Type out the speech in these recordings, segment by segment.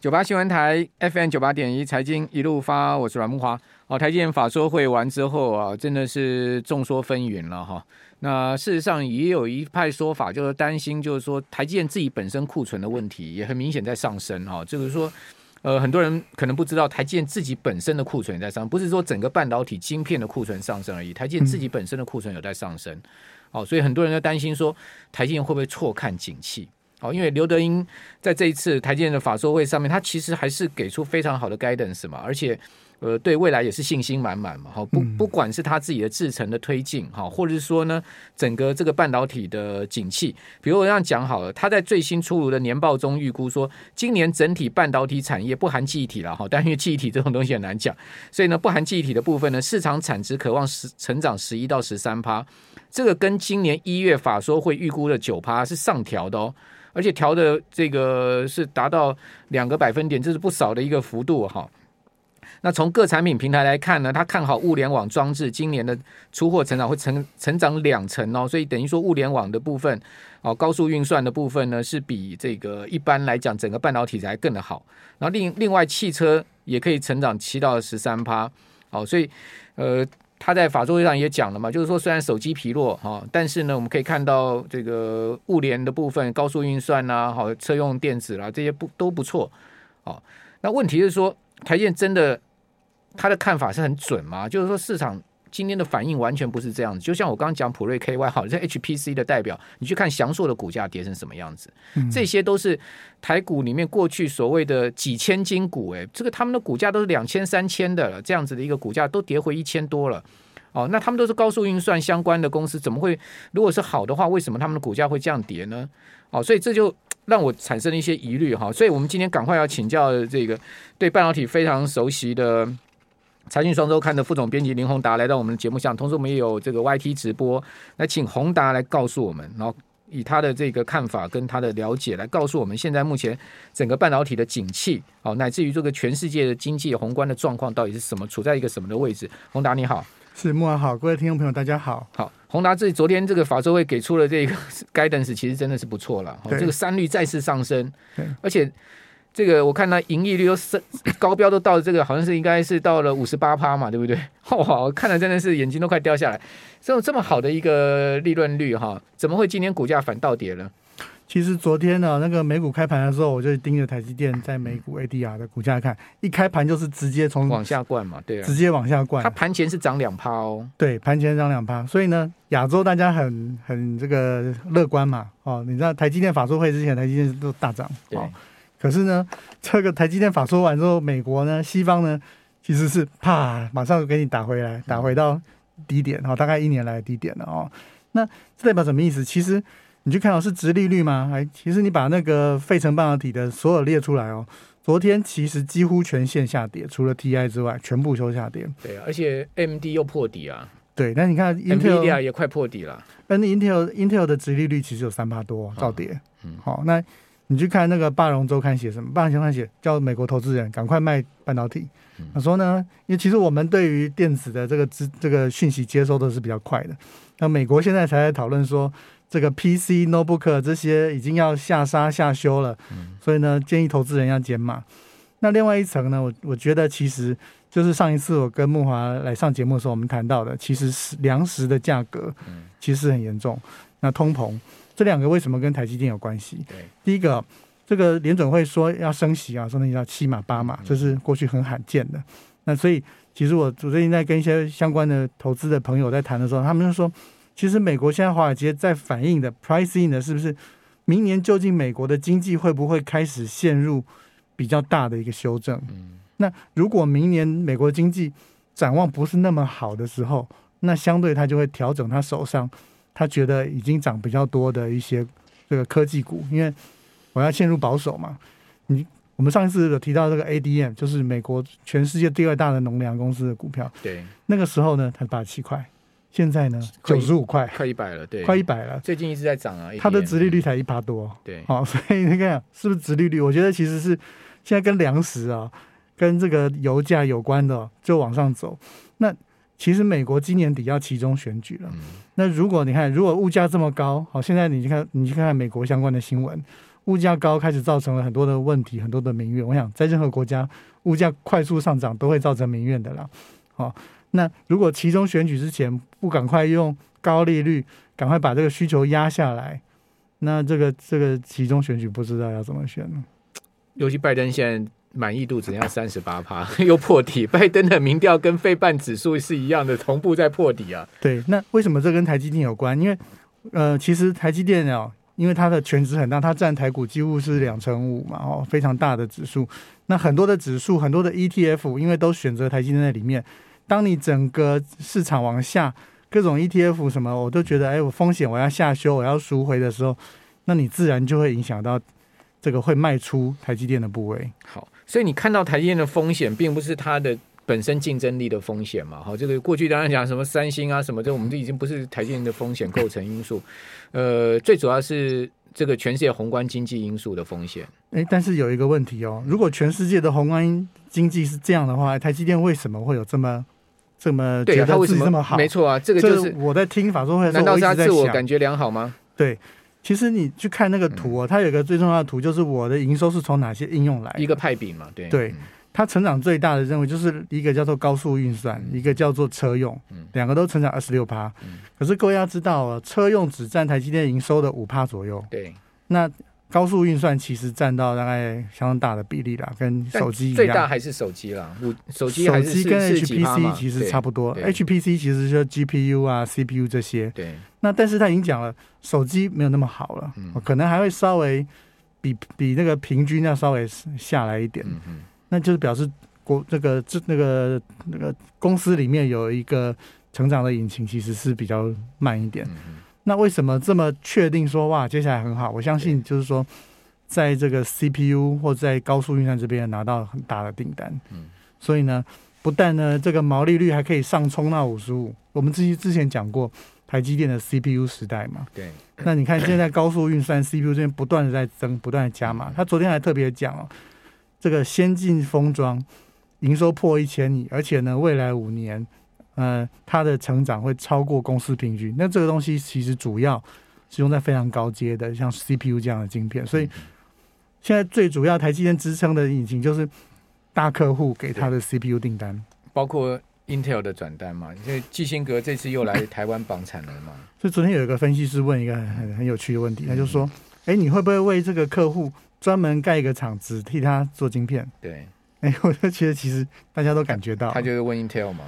九八新聞台 FM 九八點一財經一路發，我是阮慕驊。哦，台積電法說會完之後啊，真的是眾說紛紜了哈、啊。那事實上也有一派說法，就是擔心，就是說台積電自己本身庫存的問題也很明顯在上升哈、啊。就是說，呃，很多人可能不知道台積電自己本身的庫存也在上升，不是說整個半導體晶片的庫存上升而已，台積電自己本身的庫存有在上升。哦、啊，所以很多人在擔心說，台積電會不會錯看景氣？好，因為劉德英在這一次台積電的法說會上面，他其實還是給出非常好的 guidance 嘛，而且呃對未來也是信心滿滿嘛。好，不不管是他自己的製程的推進，哈，或者是說呢，整個這個半導體的景氣，比如我這樣講好了，他在最新出爐的年報中預估說，今年整體半導體產業不含記憶體了哈，但因為記憶體這種東西很難講，所以呢，不含記憶體的部分呢，市場產值可望十成長十一到十三趴，這個跟今年一月法說會預估的九趴是上調的哦。而且調的這個是達到兩個百分點，這是不少的一個幅度哈。那從各產品平台來看呢，他看好物聯網裝置，今年的出貨成長會成成長兩成哦，所以等於說物聯網的部分哦，高速運算的部分呢是比這個一般來講整個半導體才更的好。然後另另外汽車也可以成長七到十三趴哦，所以呃。他在法說會上也講了嘛，就是說雖然手機疲弱哈，但是呢，我們可以看到這個物聯的部分、高速運算吶、啊，好車用電子啦、啊，這些不都不錯哦、啊。那問題是說台積電真的他的看法是很準嗎？就是說市場。今天的反應完全不是這樣子，就像我剛剛講譜瑞 KY 哈，這 HPC 的代表，你去看祥碩的股價跌成什麼樣子，這些都是台股裡面過去所謂的幾千金股，欸，誒，這個他們的股價都是兩千三千的了，這樣子的一個股價都跌回一千多了，哦，那他們都是高速運算相關的公司，怎麼會，如果是好的話，為什麼他們的股價會這樣跌呢？哦，所以這就讓我產生了一些疑慮哈，哦，所以我們今天趕快要請教這個對半導體非常熟悉的。財訊雙週刊的副總編輯林宏達來到我們的節目上，同時我們也有這個 Y T 直播。那請宏達來告訴我們，然後以他的這個看法跟他的了解來告訴我們，現在目前整個半導體的景氣，哦，乃至於這個全世界的經濟宏觀的狀況到底是什麼，處在一個什麼的位置？宏達你好，是慕驊好，各位聽眾朋友大家好。好，宏達，這昨天這個法說會給出了這個 guidance 其實真的是不錯了。對，哦。這個三率再次上升，對而且。這個我看它盈利率都升高標都到了這個好像是應該是到了五十八趴嘛，對不對？哦，我看了真的是眼睛都快掉下來。這種這麼好的一個利潤率哈，怎麼會今天股價反倒跌呢？其實昨天呢、啊，那個美股開盤的時候，我就盯着台積電在美股 ADR 的股價看，一開盤就是直接從往下灌嘛，對、啊，直接往下灌。它盤前是漲兩趴哦，對，盤前漲兩趴，所以呢，亞洲大家很很這個樂觀嘛，哦，你知道台積電法說會之前，台積電都大漲，哦、對。可是呢，這個台積電法說完之後，美國呢、西方呢，其實是啪，馬上就給你打回來，打回到低點，哦、大概一年來的低點了哦。那這代表什麼意思？其實你去看到、哦、是殖利率嗎？還、哎、其實你把那個費城半導體的所有列出來哦，昨天其實幾乎全線下跌，除了 TI 之外，全部收下跌。對、啊，而且 MD 又破底啊。對，但你看 Intel 也快破底了。那 Intel Intel 的殖利率其實有三趴多，照跌、啊。嗯，好、哦，那。你去看那個《巴倫周刊》寫什麼？《巴倫周刊》寫叫美國投資人趕快賣半導體。他說呢，因為其實我們對於電子的這個資這個訊息接收的是比較快的。那美國現在才在討論說這個 PC、notebook 這些已經要下殺下修了。嗯、所以呢，建議投資人要減碼。那另外一層呢，我我覺得其實就是上一次我跟慕驊來上節目的時候，我們談到的其實是糧食的價格，其實很嚴重。嗯、那通膨。這兩個為什麼跟台積電有關係？對，第一個，這個聯準會說要升息啊，說那叫七碼八碼，這是過去很罕見的。嗯、那所以，其實我最近在跟一些相關的投資的朋友在談的時候，他們就說，其實美國現在華爾街在反映的 pricing 呢，嗯、是不是明年究竟美國的經濟會不會開始陷入比較大的一個修正？嗯、那如果明年美國經濟展望不是那麼好的時候，那相對他就會調整他手上。他覺得已經漲比較多的一些這個科技股，因為我要陷入保守嘛。你我們上一次有提到這個 ADM，就是美國全世界第二大的農糧公司的股票。對，那個時候呢才八七塊，現在呢九十五塊，快一百了，對，快一百了。最近一直在漲啊，它的殖利率才一趴多，對，好、哦，所以你看是不是殖利率？我覺得其實是現在跟糧食啊，跟這個油價有關的就往上走。那其實美國今年底要期中選舉了，嗯、那如果你看，如果物價這麼高，好，現在你去看，你去看看美國相關的新聞，物價高開始造成了很多的問題，很多的民怨。我想在任何國家，物價快速上漲都會造成民怨的啦。好、哦，那如果期中選舉之前不趕快用高利率，趕快把這個需求壓下來，那這個這個期中選舉不知道要怎麼選呢，尤其拜登現在。滿意度只要三十八趴，又破底。拜登的民調跟費半指數是一樣的，同步在破底啊。對，那為什麼這跟台積電有關？因為呃，其實台積電啊、喔，因為它的權值很大，它佔台股幾乎是兩成五嘛，哦，非常大的指數。那很多的指數，很多的 ETF，因為都選擇台積電在裡面。當你整個市場往下，各種 ETF 什麼，我都覺得哎、欸，我風險我要下修，我要贖回的時候，那你自然就會影響到這個會賣出台積電的部位。好。所以你看到台積電的風險，並不是它的本身競爭力的風險嘛？哈，這個過去當然講什麼三星啊，什麼這，我們就已經不是台積電的風險構成因素。 呃，最主要是這個全世界宏觀經濟因素的風險。哎，但是有一個問題哦，如果全世界的宏觀經濟是這樣的話，台積電為什麼會有這麼這麼覺得自己，對，他為什麼這麼好？沒錯啊，這個就是我在聽法說會，難道是他自我感覺良好嗎？對。其實你去看那個圖哦，嗯、它有一個最重要的圖，就是我的營收是從哪些應用來的？一個派餅嘛，對。對、嗯、它成長最大的認為就是一個叫做高速運算，嗯、一個叫做車用，兩、嗯、個都成長二十六趴，嗯、可是各位要知道、哦，車用只占台積電營收的五趴左右。對，那。高速運算其實占到大概相當大的比例啦，跟手機一樣。最大還是手機了，手機手機跟 HPC 其實差不多。HPC 其實就 GPU 啊、CPU 這些。對。那但是他已經講了，手機沒有那麼好了，嗯、可能還會稍微比比那個平均要稍微下來一點。嗯嗯哼。那就是表示國這個這那個那個公司裡面有一個成長的引擎，其實是比較慢一點。嗯嗯。那為什麼這麼確定說哇，接下來很好？我相信就是說，在這個 CPU 或在高速運算這邊也拿到很大的訂單。嗯，所以呢，不但呢，這個毛利率還可以上衝到五十五。我們之之前講過，台積電的 CPU 時代嘛。對、嗯。那你看，現在高速運算 CPU 這邊不斷的在增，不斷的加碼。嗯、他昨天還特別講哦，這個先進封裝營收破一千億，而且呢，未來五年。呃，它的成長會超過公司平均。那這個東西其實主要是用在非常高階的，像 CPU 這樣的晶片。所以現在最主要台積電支撐的引擎就是大客戶給他的 CPU 訂單，包括 Intel 的轉單嘛。因為基辛格這次又來台灣綁產了嘛。所以昨天有一個分析師問一個很很有趣的問題，他就說：“哎，你會不會為這個客戶專門蓋一個廠子，替他做晶片？”對。哎，我就覺得其實大家都感覺到，他，他就是問 Intel 嘛。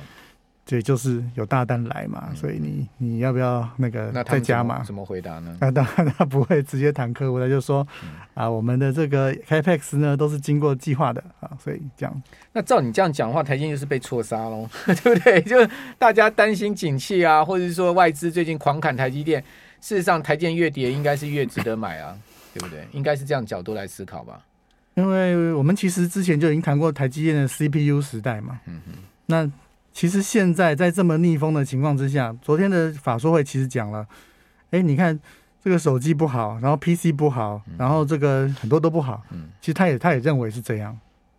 對，所以就是有大單來嘛，嗯、所以你你要不要那個再加嘛？怎麼回答呢？那當然，他不會直接談客戶，他就說、嗯、啊，我們的這個 Capex 呢，都是經過計劃的啊，所以這樣。那照你這樣講的話，台積電就是被錯殺嘍， 對不對？就是大家擔心景氣啊，或者是說外資最近狂砍台積電，事實上，台積越跌，應該是越值得買啊， 對不對？應該是這樣角度來思考吧。因為我們其實之前就已經談過台積電的 CPU 時代嘛，嗯哼，那。其實現在在這麼逆風的情況之下，昨天的法說會其實講了，哎，你看這個手機不好，然後 PC 不好，然後這個很多都不好。嗯，其實他也他也認為是這樣，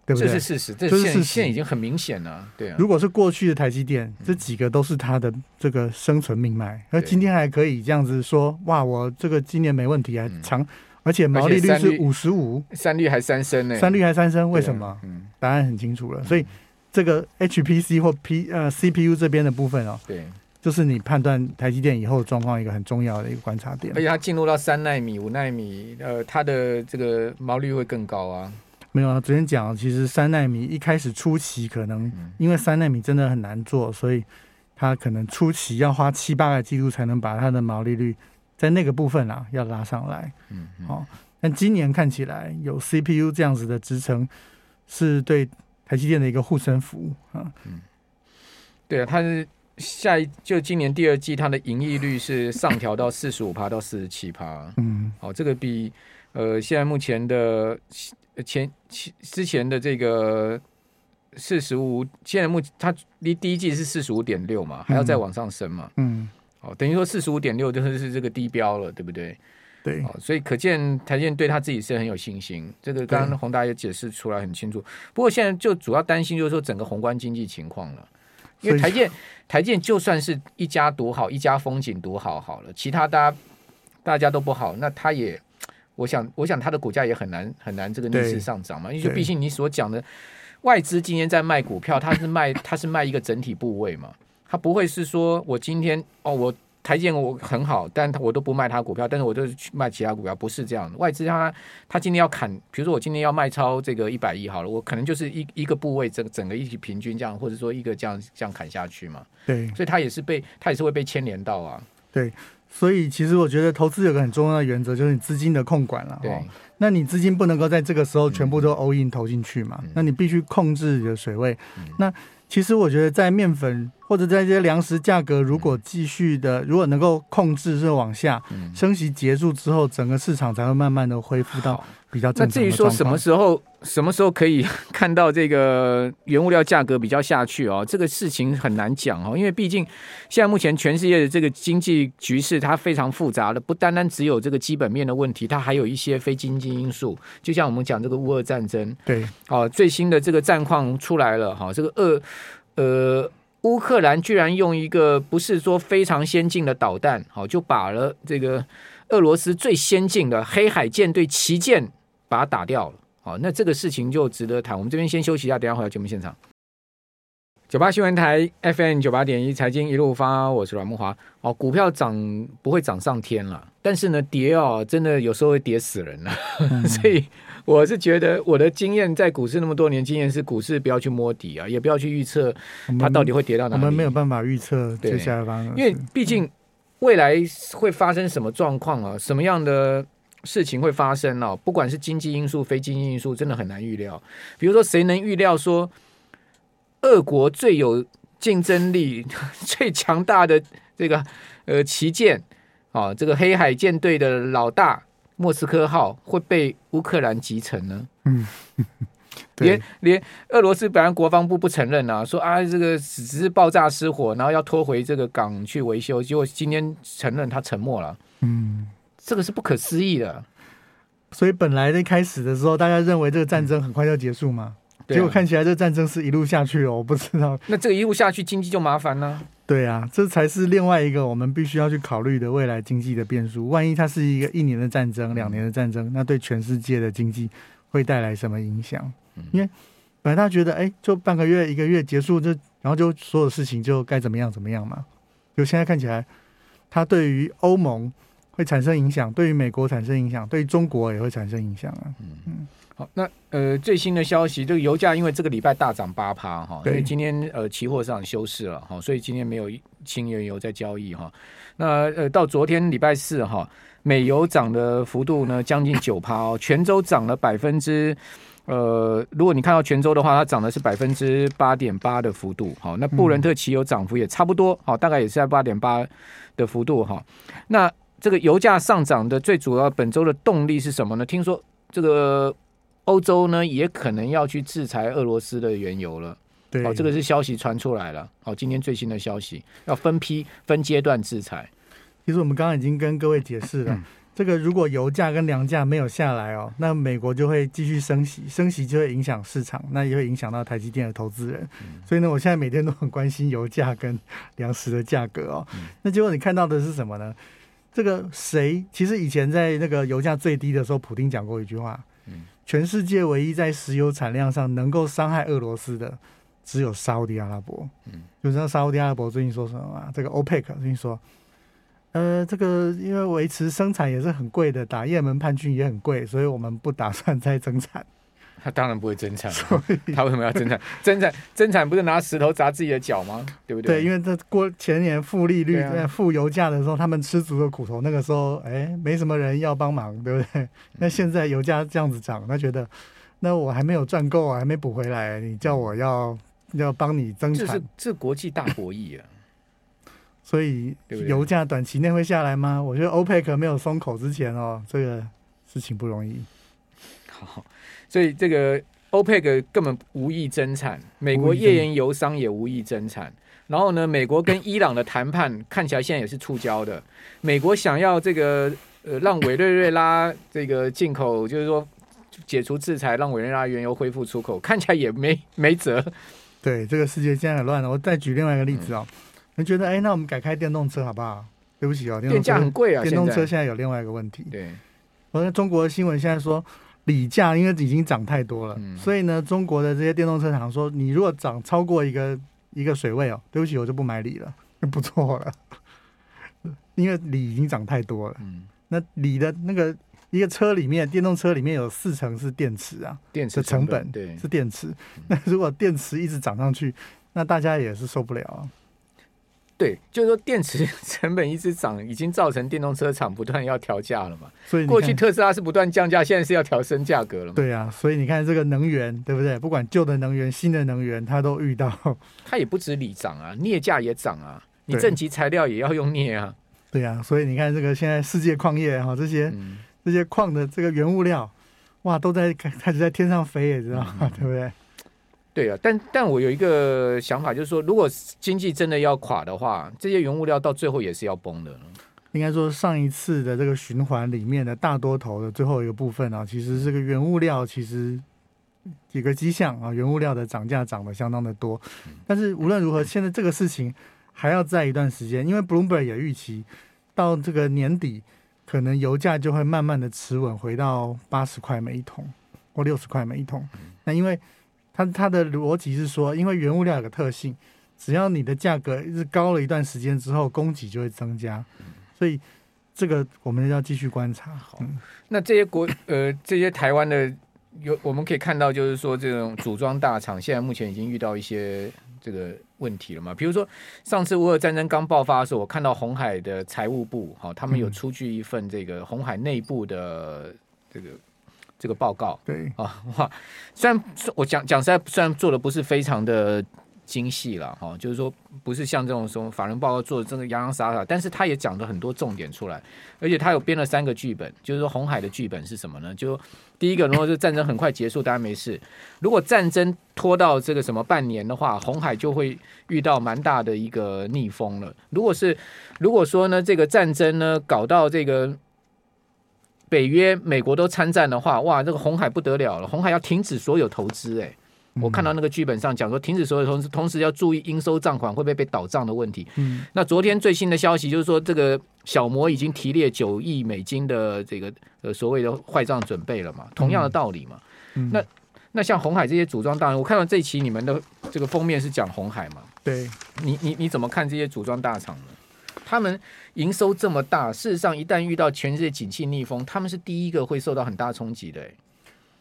對不對？這是事實，這是現在已經很明顯了，對啊。如果是過去的台積電，這幾個都是他的這個生存命脈，而今天還可以這樣子說，哇，我這個今年沒問題啊，長。而且毛利率是五十五，三率還三升呢，三率還三升，為什麼？嗯，答案很清楚了，所以。這個 HPC 或 P 呃 CPU 這邊的部分哦，對，就是你判斷台積電以後的狀況一個很重要的一個觀察點。而且它進入到三奈米、五奈米，呃，它的這個毛利率會更高啊。沒有啊，昨天講了，其實三奈米一開始初期可能，因為三奈米真的很難做，所以它可能初期要花七八個季度才能把它的毛利率在那個部分啊要拉上來。嗯哼，好、哦，但今年看起來有 CPU 這樣子的支撐，是對。台積電的一個護身符啊，嗯，對啊，它是下一就今年第二季它的盈利率是上調到四十五趴到四十七趴，嗯，好、哦，這個比呃現在目前的前之之前的這個四十五，現在目它第第一季是四十五點六嘛，還要再往上升嘛，嗯，好、嗯哦，等於說四十五點六就是是這個低標了，對不對？對、哦，所以可見台積電對他自己是很有信心。這個剛剛宏達也解釋出來很清楚。對不過現在就主要擔心就是說整個宏觀經濟情況了，因為台積以台積電就算是一家獨好，一家風景獨好好了，其他大家大家都不好，那他也，我想我想他的股價也很難很難這個逆勢上漲嘛，對因為畢竟你所講的外資今天在賣股票，他是賣 他是賣一個整體部位嘛，他不會是說我今天哦我。台積我很好，但我都不賣他股票，但是我就是去賣其他股票，不是這樣的，外資他它今天要砍，比如說我今天要賣超這個一百億好了，我可能就是一一個部位整整個一起平均這樣，或者說一個這樣這樣砍下去嘛。對，所以它也是被它也是會被牽連到啊。對，所以其實我覺得投資有個很重要的原則，就是你資金的控管了。對、哦，那你資金不能夠在這個時候全部都 all in 投進去嘛？嗯、那你必須控制你的水位。嗯、那其實我覺得在面粉。或者在這些糧食價格，如果繼續的，嗯、如果能夠控制是往下，升息結束之後，整個市場才會慢慢的恢復到比較正常的。那至於說什麼時候，什麼時候可以看到這個原物料價格比較下去啊、哦？這個事情很難講哦，因為畢竟現在目前全世界的這個經濟局勢它非常複雜的，不單單只有這個基本面的問題，它還有一些非經濟因素。就像我們講這個烏俄戰爭，對，哦，最新的這個戰況出來了，哈，這個二，呃。烏克蘭居然用一個不是說非常先進的導彈，好，就把了這個俄羅斯最先進的黑海艦隊旗艦把它打掉了。好，那這個事情就值得談。我們這邊先休息一下，等一下回到節目現場。九八新聞台 FM 九八點一財經一路發，我是阮慕驊。哦，股票漲不會漲上天了，但是呢，跌哦，真的有時候會跌死人了，嗯、 所以。我是覺得我的經驗在股市那麼多年，經驗是股市不要去摸底啊，也不要去預測它到底會跌到哪裡。我們沒有辦法預測接下來因為畢竟未來會發生什麼狀況啊？什麼樣的事情會發生啊？不管是經濟因素、非經濟因素，真的很難預料。比如說，誰能預料說，俄國最有競爭力、最強大的這個呃旗艦啊，這個黑海艦隊的老大莫斯科號會被烏克蘭集成呢？嗯，連連俄羅斯本來國防部不承認啊，說啊，這個只是爆炸失火，然後要拖回這個港去維修。結果今天承認他沉沒了。嗯，這個是不可思議的。所以本來一開始的時候，大家認為這個戰爭很快就要結束嘛，嗯啊、結果看起來這戰爭是一路下去哦。我不知道，那這個一路下去，經濟就麻煩了。對啊，這才是另外一個我們必須要去考慮的未來經濟的變數。萬一它是一個一年的戰爭、兩年的戰爭，那對全世界的經濟會帶來什麼影響？因為本來大家覺得，哎，就半個月、一個月結束就，就然後就所有事情就該怎麼樣怎麼樣嘛。就現在看起來，它對於歐盟會產生影響，對於美國產生影響，對於中國也會產生影響啊。嗯。那呃，最新的消息，這個油價因為這個禮拜大漲八趴哈，喔、對因為今天呃期貨市場休市了哈、喔，所以今天沒有輕原油在交易哈、喔。那呃到昨天禮拜四哈、喔，美油漲的幅度呢將近九趴哦，全、喔、週漲了百分之呃，如果你看到全週的話，它漲的是百分之八點八的幅度哈、喔。那布倫特期油漲幅也差不多哈、喔，大概也是在八點八的幅度哈、喔。那這個油價上漲的最主要本週的動力是什麼呢？聽說這個。歐洲呢也可能要去制裁俄羅斯的原油了。對，哦，這個是消息傳出來了。哦，今天最新的消息要分批、分階段制裁。其實我們剛剛已經跟各位解釋了，嗯、這個如果油價跟糧價沒有下來哦，那美國就會繼續升息，升息就會影響市場，那也會影響到台積電的投資人。嗯、所以呢，我現在每天都很關心油價跟糧食的價格哦。嗯、那結果你看到的是什麼呢？這個誰，其實以前在那個油價最低的時候，普丁講過一句話。全世界唯一在石油產量上能夠傷害俄羅斯的，只有沙烏地阿拉伯。嗯，你知道沙烏地阿拉伯最近說什麼嗎？這個 OPEC 最近說，呃，這個因為維持生產也是很貴的，打葉門叛軍也很貴，所以我們不打算再增產。他當然不會增產，所以他為什麼要增產？增產增產不是拿石頭砸自己的腳嗎？對不對？對，因為他過前年負利率、對啊、負油價的時候，他們吃足了苦頭。那個時候，哎，沒什麼人要幫忙，對不對？那現在油價這樣子漲，他覺得，那我還沒有賺夠啊，還沒補回來，你叫我要要幫你增產？這是這是國際大博弈啊。 所以對對油價短期內會下來嗎？我覺得歐佩克沒有鬆口之前哦，這個事情不容易。所以這個歐佩克根本無意增產，美國頁岩油商也無意增產。增產，然後呢，美國跟伊朗的談判 看起來現在也是觸礁的。美國想要這個呃讓委內瑞拉這個進口， 就是說解除制裁，讓委內瑞拉原油恢復出口，看起來也沒沒轍。對，這個世界現在很亂了。我再舉另外一個例子啊、哦，嗯、你覺得哎、欸，那我們改開電動車好不好？對不起哦，電動車電價很貴啊。電動車現在有另外一個問題。對，我看中國新聞現在說。鋰價因為已經漲太多了，嗯、所以呢，中國的這些電動車廠說，你如果漲超過一個一個水位哦，對不起，我就不買鋰了，不錯了，因為鋰已經漲太多了。嗯、那鋰的那個一個車裡面，電動車裡面有四成是電池啊，電池成本的成本對是電池，那如果電池一直漲上去，那大家也是受不了啊、哦。對，就是說電池成本一直漲，已經造成電動車廠不斷要調價了嘛。所以過去特斯拉是不斷降價，現在是要調升價格了嘛。對啊，所以你看這個能源，對不對？不管舊的能源、新的能源，它都遇到。它也不止鋰漲啊，鎳價也漲啊，對你正極材料也要用鎳啊。對啊，所以你看這個現在世界礦業哈、啊，這些、嗯、這些礦的這個原物料，哇，都在開始在天上飛，知道嗎？嗯、對不對？對啊，但但我有一個想法，就是說，如果經濟真的要垮的話，這些原物料到最後也是要崩的。應該說，上一次的這個循環裡面的大多頭的最後一個部分啊，其實這個原物料其實幾個跡象啊，原物料的漲價漲得相當的多。但是無論如何，現在這個事情還要再一段時間，因為 Bloomberg 也預期到這個年底，可能油價就會慢慢的持穩回到八十塊每一桶或六十塊每一桶。那因為它它的邏輯是說，因為原物料有個特性，只要你的價格是高了一段時間之後，供給就會增加，所以這個我們要繼續觀察好。那這些國呃這些台灣的有我們可以看到，就是說這種組裝大廠現在目前已經遇到一些這個問題了嘛？比如說上次俄烏戰爭剛爆發的時候，我看到鴻海的財務部好，他們有出具一份這個鴻海內部的這個。這個報告，對啊，雖然我講講實在，雖然做的不是非常的精細了，哈、啊，就是說不是像這種什麼法人報告做的真的這個洋洋灑灑灑，但是他也講了很多重點出來，而且他有編了三個劇本，就是說鴻海的劇本是什麼呢？就第一個，如果是戰爭很快結束，大家沒事；如果戰爭拖到這個什麼半年的話，鴻海就會遇到蠻大的一個逆風了。如果是如果說呢，這個戰爭呢搞到這個。北約、美國都參戰的話，哇，這個鴻海不得了了！鴻海要停止所有投資、欸，哎、嗯，我看到那個劇本上講說停止所有投資，同時要注意應收賬款會不會被倒賬的問題。嗯、那昨天最新的消息就是說，這個小摩已經提列九億美金的這個呃所謂的壞賬準備了嘛？同樣的道理嘛？嗯嗯、那那像鴻海這些組裝大廠，我看到這期你們的這個封面是講鴻海嘛？對。你你你怎麼看這些組裝大廠呢？他們營收這麼大，事實上一旦遇到全世界景氣逆風，他們是第一個會受到很大衝擊的誒。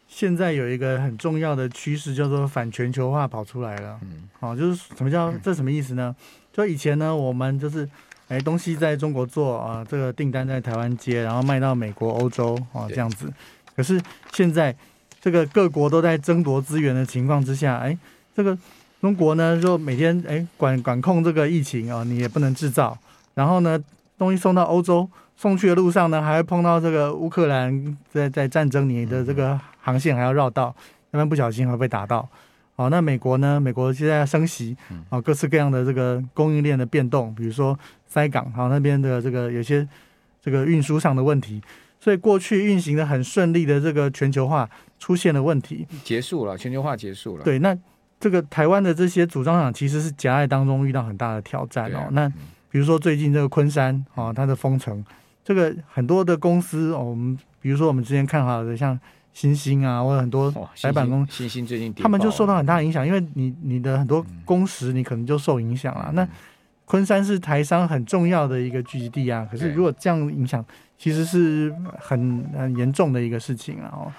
現在有一個很重要的趨勢，叫做反全球化跑出來了。嗯，好、哦，就是什麼叫、嗯、這什麼意思呢？就以前呢，我們就是哎東西在中國做啊，這個訂單在台灣接，然後賣到美國、歐洲啊這樣子。對可是現在這個各國都在爭奪資源的情況之下，哎，這個中國呢，就每天哎管管控這個疫情啊，你也不能製造。然後呢，東西送到歐洲，送去的路上呢，還會碰到這個烏克蘭在在戰爭裡的這個航線還要繞道，那邊不小心還會被打到。好、哦，那美國呢？美國現在要升息，啊、哦，各式各樣的這個供應鏈的變動，比如說塞港，好、哦，那邊的這個有些這個運輸上的問題，所以過去運行的很順利的這個全球化出現了問題，結束了，全球化結束了。對，那這個台灣的這些組裝廠其實是夾在當中，遇到很大的挑戰、啊、哦。那。比如說最近這個昆山啊、哦，它的封城，這個很多的公司，哦，我們比如說我們之前看好的像欣興啊，或者很多白板公司，欣興、哦、最近他們就受到很大影響，因為你你的很多工時你可能就受影響啊。嗯、那昆山是台商很重要的一個聚集地啊，可是如果這樣影響，其實是很很嚴重的一個事情啊。對好，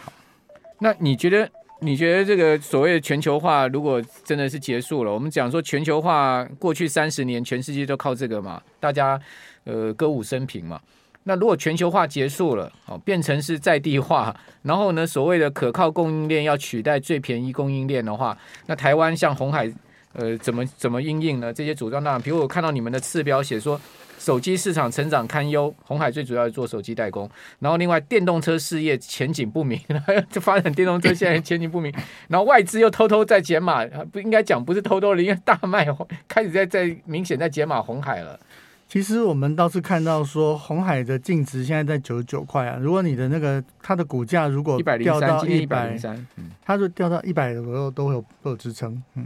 那你覺得？你覺得這個所謂的全球化，如果真的是結束了，我們講說全球化過去三十年全世界都靠這個嘛，大家呃歌舞升平嘛。那如果全球化結束了，哦變成是在地化，然後呢，所謂的可靠供應鏈要取代最便宜供應鏈的話，那台灣像鴻海呃怎麼怎麼因應呢？這些組裝呢，比如我看到你們的次標寫說。手機市場成長堪憂，鴻海最主要是做手機代工，然後另外電動車事業前景不明，然後就發展電動車現在前景不明，然後外資又偷偷在減碼，不應該講不是偷偷的，因為大賣，開始在在明顯在減碼鴻海了。其實我們倒是看到說，鴻海的淨值現在在九十九塊啊，如果你的那個它的股價如果一百掉到一百，100，它就掉到一百左右都會有都會有支撐。嗯，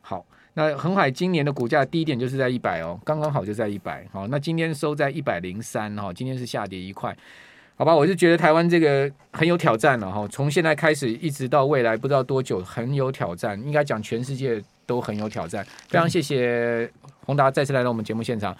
好。那鴻海今年的股價低點，就是在一百哦，剛剛好就在一百。好，那今天收在一百零三哈，今天是下跌一塊，好吧？我是覺得台灣這個很有挑戰了、哦、哈，從現在開始一直到未來不知道多久很有挑戰，應該講全世界都很有挑戰。對非常謝謝宏達再次來到我們節目現場。